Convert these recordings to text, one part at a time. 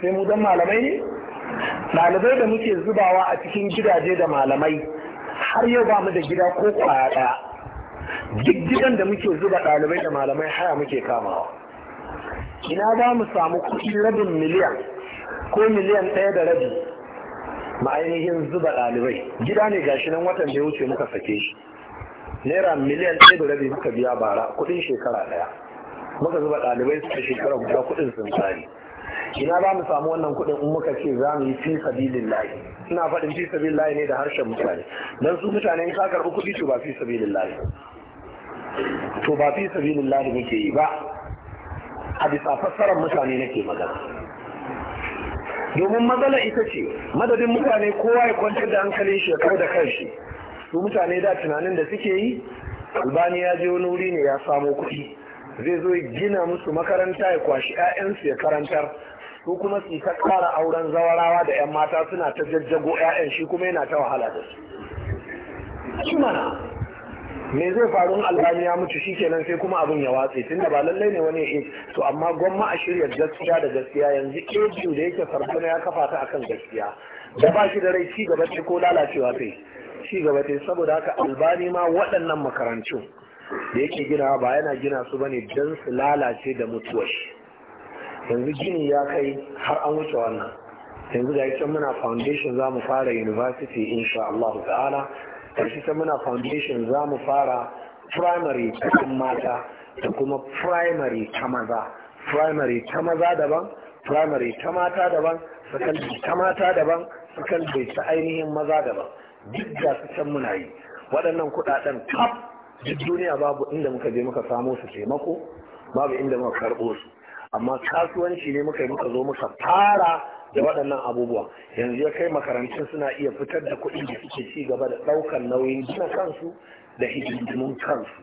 sai mu dan malamai ne ɗalibai da muke zubawa a cikin gidaje da malamai har yau ba mu da gida ko kwaya ɗaya duk gidan da muke zuba ɗalibai da malamai haya muke kamawa ina za mu samu kuɗi rabin miliyan ko miliyan ɗaya da rabi ma'ainihin zuba ɗalibai gida ne gashi nan watan da ya wuce muka sake shi naira miliyan ɗaya da rabi muka biya bara kuɗin shekara ɗaya muka zuba ɗalibai suka shekara guda kuɗin sun tsari ina za mu samu wannan kuɗin in muka ce za mu yi fi layi? ina faɗin fi layi ne da harshen mutane Don su mutane in ka karɓi kuɗi to ba fi layi. to ba fi layi muke yi ba a bisa fassarar mutane nake magana domin matsala ita ce madadin mutane kowa ya kwantar da hankalin shi ya da kanshi su mutane da tunanin da suke yi albani ya je wani wuri ne ya samo kuɗi zai zo gina musu makaranta ya kwashi 'ya'yansu ya karantar su kuma su ta auren zawarawa da 'yan mata suna ta jajjago 'ya'yan shi kuma yana ta wahala da su mana me zai faru albami albani ya mutu shi kenan sai kuma abin ya watse tunda ba lallai ne wani ya to amma gwamma a shirya gaskiya da gaskiya yanzu ejiyu da yake sarfuna ya kafa ta akan gaskiya da ba shi da rai ci gaba ce ko lalacewa sai ci gaba ce saboda haka albani ma waɗannan makarantu da yake ginawa ba yana gina su bane don su lalace da mutuwar shi yanzu gini ya kai har an wuce wannan yanzu da yake muna foundation za mu fara university insha Allah ta'ala da yake muna foundation za mu fara primary ta mata da kuma primary ta maza primary ta maza daban primary ta mata daban secondary ta mata daban secondary ta ainihin maza daban duk da su can muna yi waɗannan kuɗaɗen kaf duk duniya babu inda muka je muka samo su taimako babu inda muka karɓo su amma kasuwanci ne muka yi muka zo muka fara da waɗannan abubuwa yanzu ya kai makarantun suna iya fitar da kuɗin da suke ci gaba da ɗaukar nauyin gina kansu da hidindimun kansu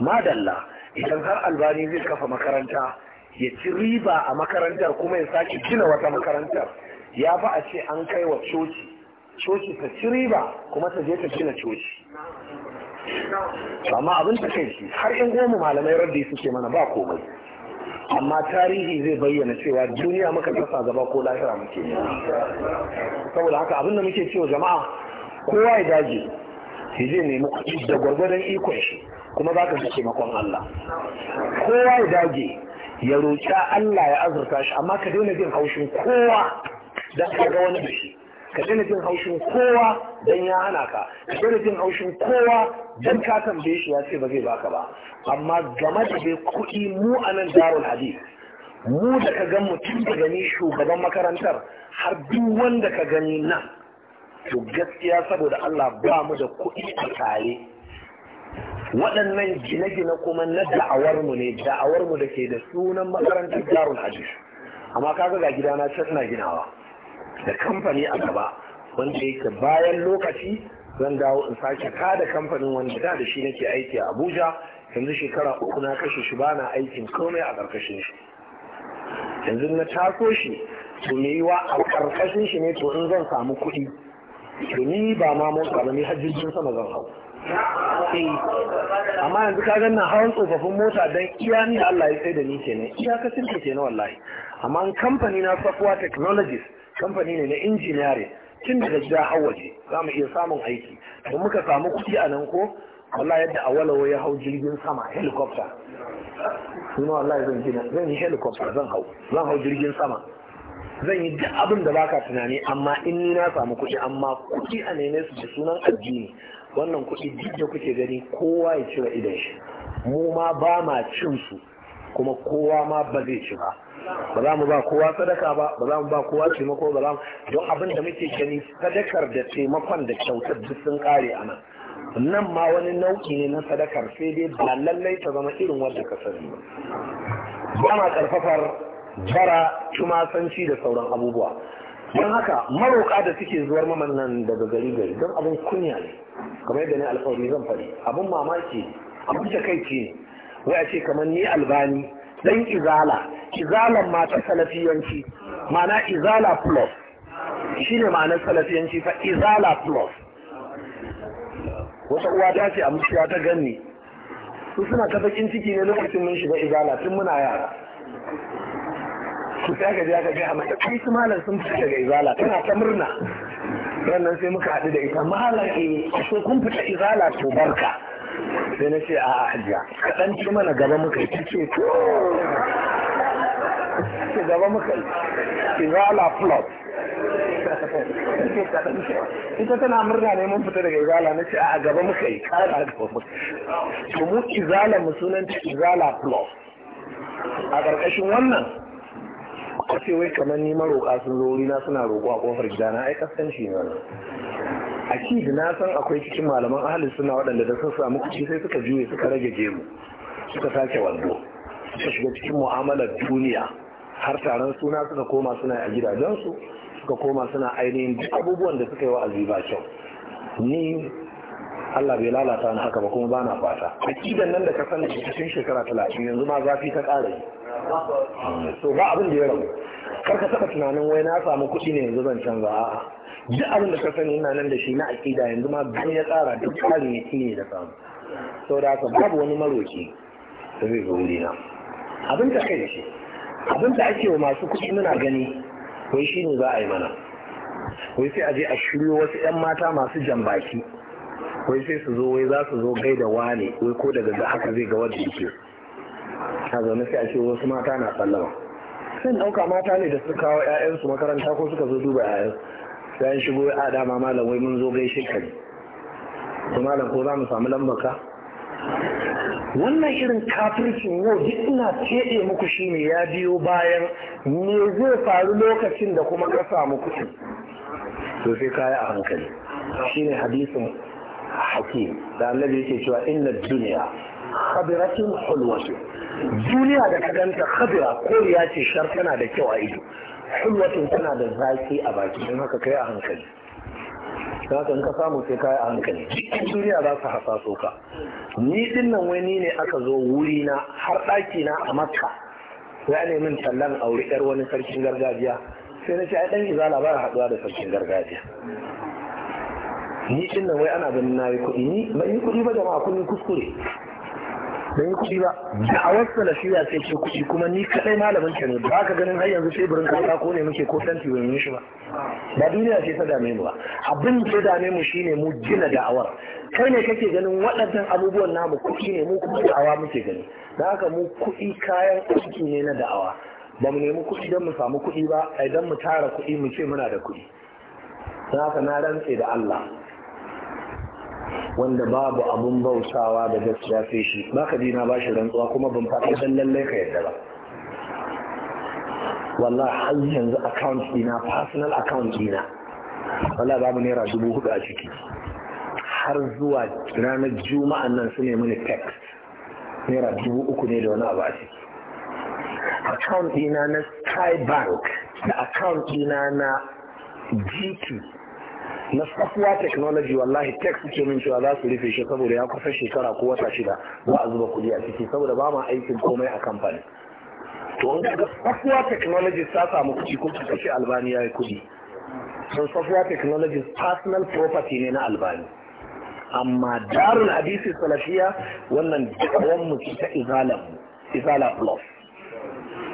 madalla idan har albani zai kafa makaranta ya ci riba a makarantar kuma ya sake gina wata makarantar ya fi a ce an kai wa coci coci ta ci riba kuma ta je ta gina coci amma abin ta kai har in goma malamai raddi suke mana ba komai amma tarihi zai bayyana cewa duniya muka kasa gaba ko lahira muke saboda haka abinda muke cewa jama'a kowa ya dage shi zai nemi kuɗi da gwargwadon ikon shi kuma za ka taimakon Allah kowa ya dage ya roƙi Allah ya azurta shi amma ka daina jin haushin kowa don ka ga wani da ka daina jin haushin kowa don ya hana ka ka daina jin haushin kowa don ka tambaye shi ya ce ba zai baka ba amma game da bai kuɗi mu a nan darul hadith mu da ka gan mutum da gani shugaban makarantar har duk wanda ka gani nan to gaskiya saboda Allah ba mu da kuɗi a tare waɗannan gine-gine kuma na da'awarmu ne da'awarmu da ke da sunan makarantar darul hadith amma kaga ga gidana can suna ginawa da kamfani a gaba wanda yake bayan lokaci zan dawo in sake da kamfanin wanda da da shi nake aiki a abuja yanzu shekara uku na kashe shi bana aikin komai a ƙarƙashin shi yanzu na taso shi to me yiwa a ƙarƙashin shi ne to in zan samu kuɗi to ni ba ma motsa ba ni har jirgin sama zan hau eh, amma yanzu ka gan na hawan tsofaffin mota don iya ni da Allah ya tsaye da ni kenan iya kasance kenan wallahi amma kamfani na Safuwa Technologies kamfani ne na injiniyare tun daga gajiya har waje za mu iya samun aiki da muka samu kuɗi a nan ko wallah yadda a walawa ya hau jirgin sama helicopter suna wallah zan gina zan yi helicopter zan hau zan hau jirgin sama zan yi duk abin da baka tunani amma in ni na samu kuɗi amma kuɗi a nene su da sunan addini wannan kuɗi duk da kuke gani kowa ya cire idan shi mu ma ba ma cin su kuma kowa ma ba zai ci ba ba za mu ba kowa sadaka ba ba za mu ba kowa taimako ba don abin da muke gani sadakar da taimakon da kyautar duk sun kare a nan nan ma wani nau'i ne na sadakar sai dai ba lallai ta zama irin wanda ka sani ba Bana ma karfafar bara tumasanci da sauran abubuwa don haka maroƙa da suke zuwar maman nan daga gari gari don abin kunya ne kamar da ne alfawari zan faɗi abin mamaki abin takaici ne wai a ce kamar ni albani dan izala izalan ma ta salafiyanci ma'ana izala plus Shi ne ma'anar salafiyanci fa izala plus wata uwa ta ce a mushiya ta ganni su suna ta bakin ciki ne lokacin mun shiga izala tun muna yara Kusa ta gaji aka gaya mata kai su malam sun fita daga izala tana ta murna sannan sai muka haɗu da ita malam ke eh, so kun fita izala to barka sai na ce a ajiya kaɗan ci mana gaba muka yi ce to ce gaba muka yi izala plus ita tana murna ne mun fita daga izala na ce a gaba muka yi kara gaba muka to mu izala mu sunan izala plus a ƙarƙashin wannan a ce wai kamar ni maroƙa sun zo wurina suna roƙo a ƙofar gidana ai kasan shi ne wannan a da na san akwai cikin malaman ahalin suna waɗanda da sun samu kuci sai suka juye suka rage gemu suka sake wando suka shiga cikin mu'amalar duniya har taron suna suka koma suna a gidajensu suka koma suna ainihin duk abubuwan da suka yi wa ba kyau ni Allah bai lalata ni haka ba kuma ba na fata akidan nan da ka san cikin shekara talatin yanzu ma zafi ta ƙara yi so ba abin da ya rabu kar ka taɓa tunanin wai na samu kuɗi ne yanzu zan canza a'a duk abin da ka sani yana nan da shi na aƙida yanzu ma ban ya tsara duk tsarin ya ne da samu sau da haka babu wani maroci da zai zo wurina abin da kai shi abin da ake wa masu kuɗi muna gani wai shi ne za a yi mana wai sai a je a shiryo wasu 'yan mata masu jambaki wai sai su zo wai za su zo gai da wane wai ko daga za haka zai ga wadda yake a zaune sai a ce wasu mata na sallama sun ɗauka mata ne da suka kawo 'ya'yansu makaranta ko suka zo duba 'ya'yansu sai shigo a dama malam wai mun zo gaishe ka ne to malam ko za mu samu lambar ka wannan irin kafircin yau duk ina keɗe muku shi ne ya biyo bayan me zai faru lokacin da kuma ka samu kuɗi to sai ka yi a hankali Shi ne hadisin haƙi da annabi yake cewa inna duniya khabiratin hulwatu duniya da ka ganta khabira ko ce shar tana da kyau a ido hulwatin tana da zaki a baki don haka kai a hankali za ka ka samu sai kai a hankali duniya za su hasaso ka ni din nan wani ne aka zo wuri na har ɗakina na a makka ya ne min tallan aure yar wani sarkin gargajiya sai na ce ai dan izala ba haduwa da sarkin gargajiya ni din nan wai ana ganin na yi kuɗi ni ban yi kuɗi ba jama'a kun kuskure da ya kuɗi ba da a wasu salafiya sai ce kuɗi kuma ni kaɗai malamin ta ne ba ka ganin har yanzu teburin kasa ko ne muke ko tanti bai yi shi ba ba duniya ce ta dame mu ba abin da dame mu shine mu gina da'awar kai ne kake ganin waɗannan abubuwan namu kuɗi ne mu kuma da'awa muke gani da haka mu kuɗi kayan aiki ne na da'awa ba mu nemi kuɗi don mu samu kuɗi ba ai mu tara kuɗi mu ce muna da kuɗi don haka na rantse da Allah wanda babu abun bautawa da gaskiya sai shi ba ka dina ba shi rantsuwa kuma ban faɗi dan lallai ka yadda ba wallahi har yanzu account dina personal account dina wallahi babu naira dubu hudu a ciki har zuwa ranar juma'an nan su ne mini text naira dubu uku ne da wani abu a ciki account dina na sky bank da account dina na g na safuwa technology wallahi tech suke min cewa za su rufe shi saboda ya kusa shekara ko wata shida ba a zuba kuɗi a ciki saboda ba ma aikin komai a kamfani to in ga safuwa technology ta samu kuɗi ko kuka ce albani ya yi kuɗi sun safuwa technology personal property ne na albani amma darul hadisi salafiya wannan dawon mu ta izala izala plus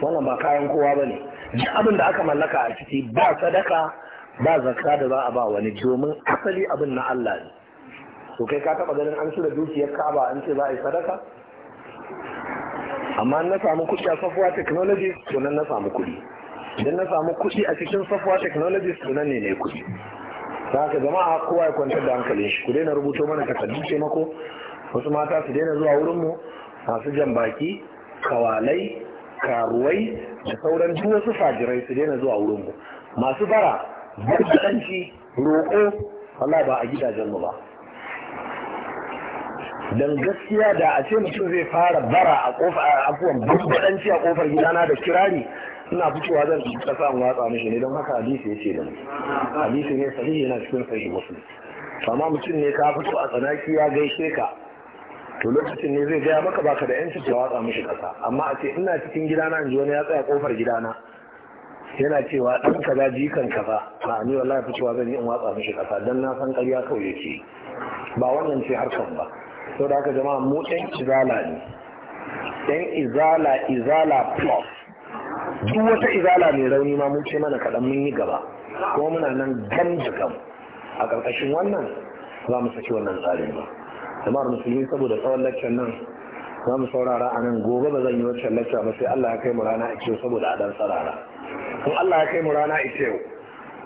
wannan ba kayan kowa bane duk abin da aka mallaka a ciki ba sadaka ba zakka da za a ba wani domin asali abin na Allah ne to kai ka taba ganin an shirya dukiyar kaba an ce za a yi sadaka amma na samu kuɗi a safuwa Technologies to na samu kuɗi idan na samu kuɗi a cikin safuwa Technologies to ne ne kuɗi ta haka jama'a kowa ya kwantar da hankalin shi ku daina rubuto mana takardun taimako wasu mata su daina zuwa wurinmu masu jan baki kawalai karuwai da sauran duk wasu fajirai su daina zuwa wurinmu masu bara yadda ɗan shi roƙo Allah ba a gidajen mu ba dan gaskiya da a ce mutum zai fara bara a kofar afuwan bambadanci a kofar gidana da kirari ina fitowa zan kasa in watsa mashi ne don haka hadisi ya ce da mu hadisi ne sahihi yana cikin sahihi muslim amma mutum ne ka fito a tsanaki ya gaishe ka to lokacin ne zai gaya maka baka da yancin ta watsa mashi kasa amma a ce ina cikin gidana in ji wani ya tsaya kofar gidana yana cewa ɗan kaza jikan kaza ba ni wallahi fi cewa zan yi in watsa mishi kasa dan na san ƙarya kawai yake ba wannan ce harkan ba sau da haka jama'a mu ɗan izala ne ɗan izala izala plus duk wata izala mai rauni ma mun ce mana kaɗan mun yi gaba kuma muna nan gan da gan a ƙarƙashin wannan za mu saki wannan tsarin ba jama'ar musulmi saboda tsawon lakcin nan za mu saurara a nan gobe ba zan yi wancan lakcin ba sai Allah ya kai mu rana a saboda a ɗan tsarara in Allah ya kai mu rana ita yau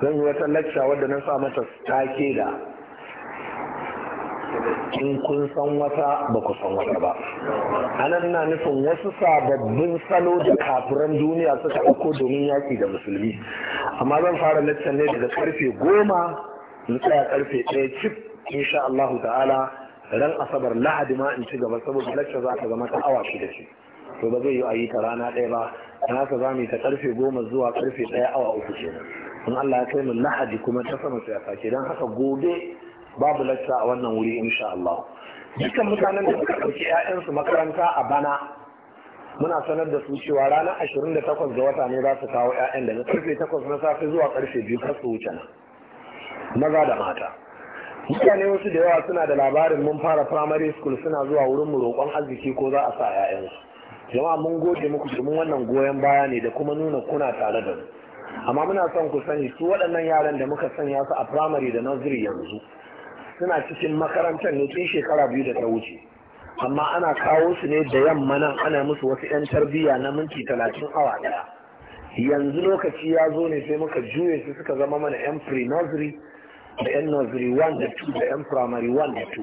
zan yi wata lacca wadda na sa mata take da in kun san wata ba ku san wata ba anan na nufin wasu sababbin salo da kafiran duniya suka ɗauko domin yaƙi da musulmi amma zan fara lacca ne daga karfe goma in tsaya karfe ɗaya cif sha Allah ta'ala ran asabar lahadi ma in ci gaba saboda lacca za ta zama ta awa shida ce to ba zai yi a yi ta rana ɗaya ba don haka za mu yi ta karfe goma zuwa karfe ɗaya awa uku ce. in Allah ya kai mu lahadi kuma ta sama ta sake don haka gobe babu lacca a wannan wuri insha Allah dukkan mutanen da suka ɗauki 'ya'yansu makaranta a bana muna sanar da su cewa ranar ashirin da takwas ga wata ne za su kawo 'ya'yan daga karfe takwas na safe zuwa karfe biyu kar su wuce nan maza da mata mutane wasu da yawa suna da labarin mun fara primary school suna zuwa wurin mu roƙon arziki ko za a sa 'ya'yansu jama'a mun goge muku domin wannan goyon baya ne da kuma nuna kuna tare da mu amma muna son ku sani su waɗannan yaran da muka sanya su a firamare da nursery yanzu suna cikin makarantar ne tun shekara biyu da ta wuce amma ana kawo su ne da yamma nan ana musu wasu 'yan tarbiyya na minti talatin awa ɗaya yanzu lokaci ya zo ne sai muka juye su suka zama mana 'yan pre nursery da 'yan nursery 1 da 2 da 'yan primary 1 da 2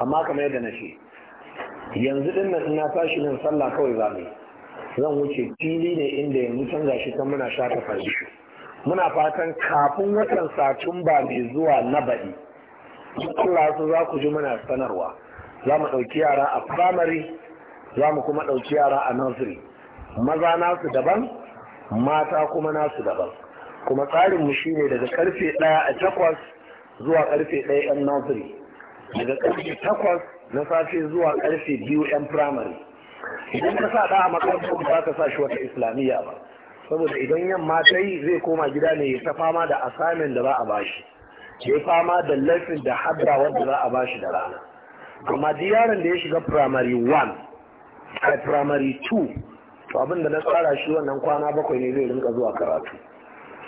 amma kamar yadda na ce yanzu din nan ina tashi nan sallah kawai za mu zan wuce fili ne inda yanzu canza shi kan muna shata fahimci muna fatan kafin watan satumba mai zuwa na baɗi Allah su za ku ji muna sanarwa za mu ɗauki yara a primary za mu kuma ɗauki yara a nursery maza nasu daban mata kuma nasu daban kuma tsarin mu shine daga karfe ɗaya a takwas zuwa karfe ɗaya yan nursery daga karfe takwas na safe zuwa karfe biyu yan firamare idan ka sa ɗa a makarantar ba ka sa shi wata islamiyya ba saboda idan yamma ta yi zai koma gida ne ya ta fama da asamin da za a bashi ya fama da laifin da hadda wanda za a ba shi da rana amma duk yaron da ya shiga firamare 1 a firamare 2 to abin na tsara shi wannan kwana bakwai ne zai rinka zuwa karatu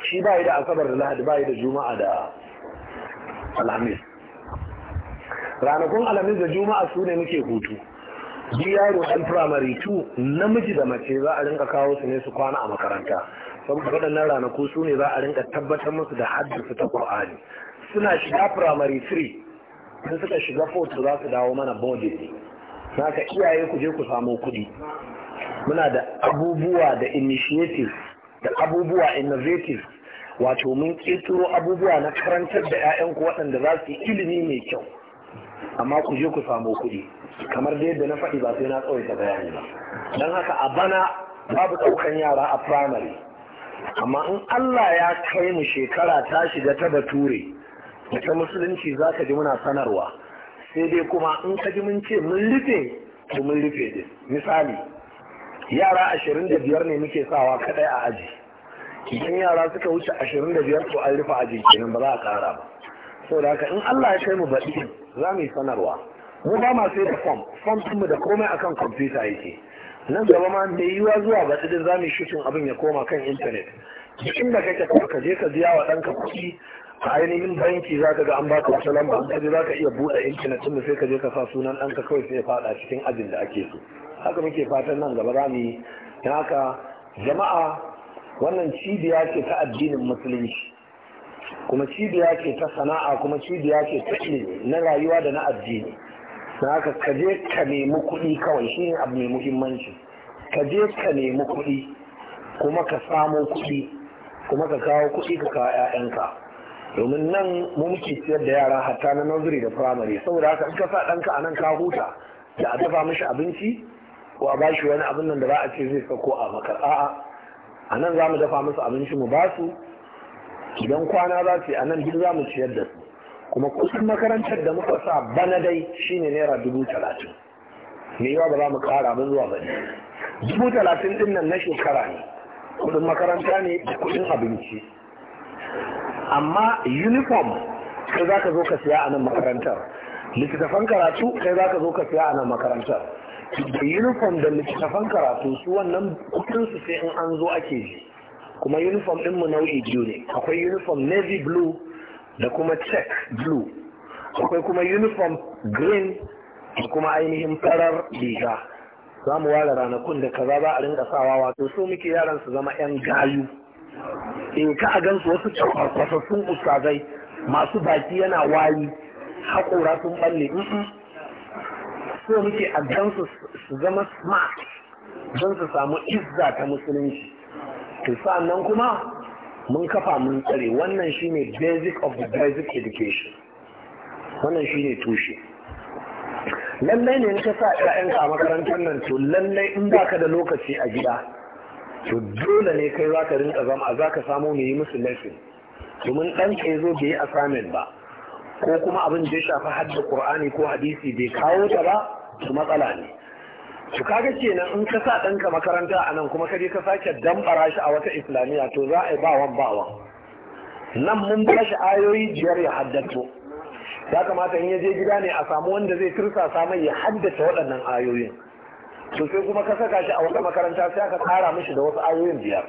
shi ba da asabar da lahadi ba da juma'a da alhamis ranakun alamis da juma'a su ne muke hutu duk yaro ɗan firamare 2 namiji da mace za a rinka kawo su ne su kwana a makaranta saboda waɗannan ranaku su ne za a rinka tabbatar musu da haddasa ta ƙwa'ani. suna shiga firamare 3 in suka shiga 4 za su dawo mana bode. ne na ka iyaye ku je ku samu kuɗi muna da abubuwa da initiative da abubuwa innovative wato mun ƙeturo abubuwa na karantar da 'ya'yanku waɗanda za su yi ilimi mai kyau amma ku je ku samu kuɗi kamar dai yadda na faɗi ba sai na tsawaita bayani ba don haka a bana babu ɗaukan yara a firamare amma in Allah ya kai mu shekara ta shiga ta bature da ta musulunci za ka ji muna sanarwa sai dai kuma in ka ji mun ce mun rufe to mun rufe din misali yara ashirin da biyar ne muke sawa kadai a aji idan yara suka wuce ashirin da biyar to an rufe aji kenan ba za a kara ba saboda haka in Allah ya kai mu baɗi za mu yi sanarwa mu ba ma sai da fom fom mu da komai akan kwamfuta yake nan gaba ma mai yiwuwa zuwa ba ɗin za mu shutin abin ya koma kan intanet cikin da kake kuma ka je ka biya wa ɗanka kuɗi a ainihin banki za ka ga an baka wata lamba an kaje za ka iya buɗe intanet ɗin sai ka je ka sa sunan ɗanka kawai sai ya faɗa cikin ajin da ake so haka muke fatan nan gaba za mu yi haka jama'a wannan cibiya ce ta addinin musulunci kuma cibiya ce ta sana'a kuma cibiya ce ta ilimi na rayuwa da na addini na haka ka je ka nemi kuɗi kawai shi ne abu mai muhimmanci ka je ka nemi kuɗi kuma ka samo kuɗi kuma ka kawo kuɗi ka kawo 'ya'yanka domin nan mu muke ciyar da yara hatta na nursery da primary saboda haka in ka sa ɗanka a nan ka huta da a dafa mishi abinci ko a bashi wani abin nan da za a ce zai sako a makar a'a a nan za mu dafa musu abinci mu basu idan kwana za su yi a nan duk za mu ciyar da su kuma kusan makarantar da muka sa bana dai shine naira dubu talatin me yawa ba za mu kara ba zuwa bane dubu talatin din nan na shekara ne kudin makaranta ne da kudin abinci amma uniform kai za ka zo ka siya a makarantar littattafan karatu kai za ka zo ka siya a makarantar da uniform da littattafan karatu su wannan kudin sai in an zo ake ji kuma uniform din mu nau'i biyu ne akwai uniform navy blue da kuma check blue akwai kuma uniform green da kuma ainihin farar riga za mu ware ranakun da kaza za a rinka sawa wato so muke yaran su zama yan gayu in eh, ka a gansu wasu kwasassun ustazai masu baki yana wayi haƙora sun balle so muke a gansu su zama smart don su samu izza ta musulunci to sa'annan kuma mun kafa mun tsare wannan shine basic of the basic education wannan shine tushe lallai ne ka sa ƴaƴanka a makarantar nan to lallai in baka da lokaci a gida to dole ne kai za ka rinka zama za ka samu mu yi musu lesson domin ɗan ka zo bai yi assignment ba ko kuma abin da ya shafi hadda Qur'ani ko hadisi bai kawo ta ba to matsala ne to kaga kenan in ka sa ɗanka makaranta a nan kuma kaje ka sake damfara shi a wata islamiyya to za a yi bawan bawan nan mun ba shi ayoyi biyar ya haddato ya kamata in ya je gida ne a samu wanda zai tursasa mai ya haddace waɗannan ayoyin to sai kuma ka saka shi a wata makaranta sai aka tsara mishi da wasu ayoyin biyar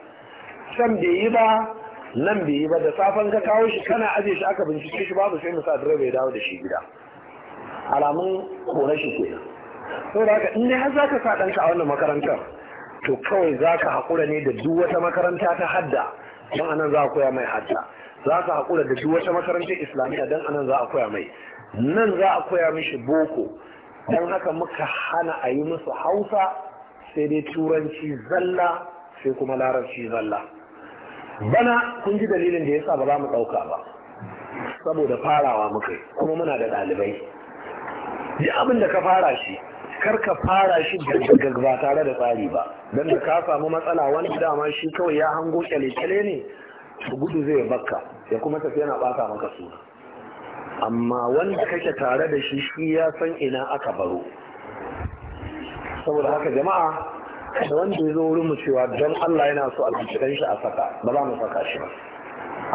san bai yi ba nan bai yi ba da safan ka kawo shi kana aje shi aka bincike shi babu sai musa direba ya dawo da shi gida alamun kore shi kenan saboda haka in dai har za ka sa ɗanka a wannan makarantar to kawai za ka haƙura ne da duk wata makaranta ta hadda don anan za a koya mai hadda za ka haƙura da duk wata makarantar islamiyya don anan za a koya mai nan za a koya mishi boko don haka muka hana a yi musu hausa sai dai turanci zalla sai kuma larabci zalla bana kun ji dalilin da yasa ba za mu ɗauka ba saboda farawa muka kuma muna da ɗalibai duk abin da ka fara shi kar ka fara shi ba tare da tsari ba don da ka samu matsala wani dama shi kawai ya hango kyale-kyale ne gudu zai bakka ya kuma tafi yana bata maka suna amma wanda kake tare da shi shi ya san ina aka baro saboda haka jama'a da wanda ya zo wurin mu cewa don Allah yana so a shi a saka ba za mu saka shi ba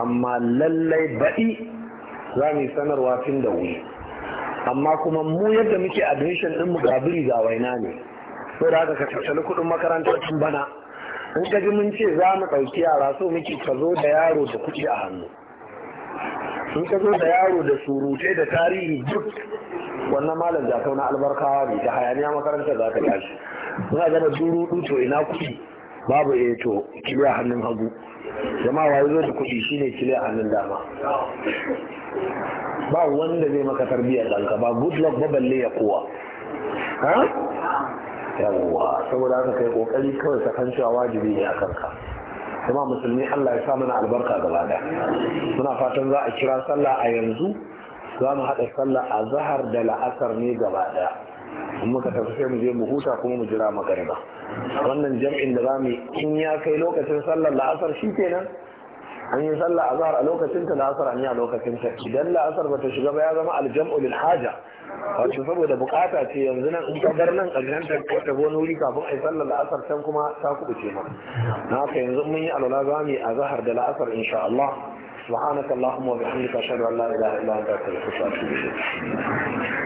amma lallai baɗi za mu yi sanarwa tun da wuri amma kuma mu yadda muke admission din mu ga biri ga waina ne to da haka ka tattali kuɗin makarantar tun bana in ka ji mun ce za mu ɗauki yara so muke ka zo da yaro da kuɗi a hannu in ka zo da yaro da surutai da tarihi duk wannan malam da na albarkawa ne da hayaniya makarantar za ka tashi muna gana duru to ina kuɗi babu eh to kile a hannun hagu jama'a wayo zo da kuɗi shine kile a hannun dama ba wanda zai maka tarbiyyar ɗanka ba good luck ba balle ya kowa ha yawwa saboda haka kai kokari kawai sakan cewa wajibi ne a kanka kuma musulmi Allah ya sa mana albarka gaba da muna fatan za a kira sallah a yanzu za mu haɗa sallah a zahar da la'asar ne gaba da muka tafi sai mu je mu huta kuma mu jira magariba wannan jam'in da za mu yi in ya kai lokacin sallar la'asar shi kenan an yi sallah azhar a lokacin ta la'asar an yi a lokacin ta idan la'asar bata shiga ba ya zama aljam'u lil haja wato saboda bukata ce yanzu nan in ka bar nan karshen ta ko ta wani wuri kafin ai sallar la'asar can kuma ta kubuce ma na haka yanzu mun yi alwala za mu yi azhar da la'asar insha Allah subhanaka wa bihamdika ashhadu an la ilaha illa anta astaghfiruka wa atubu ilayk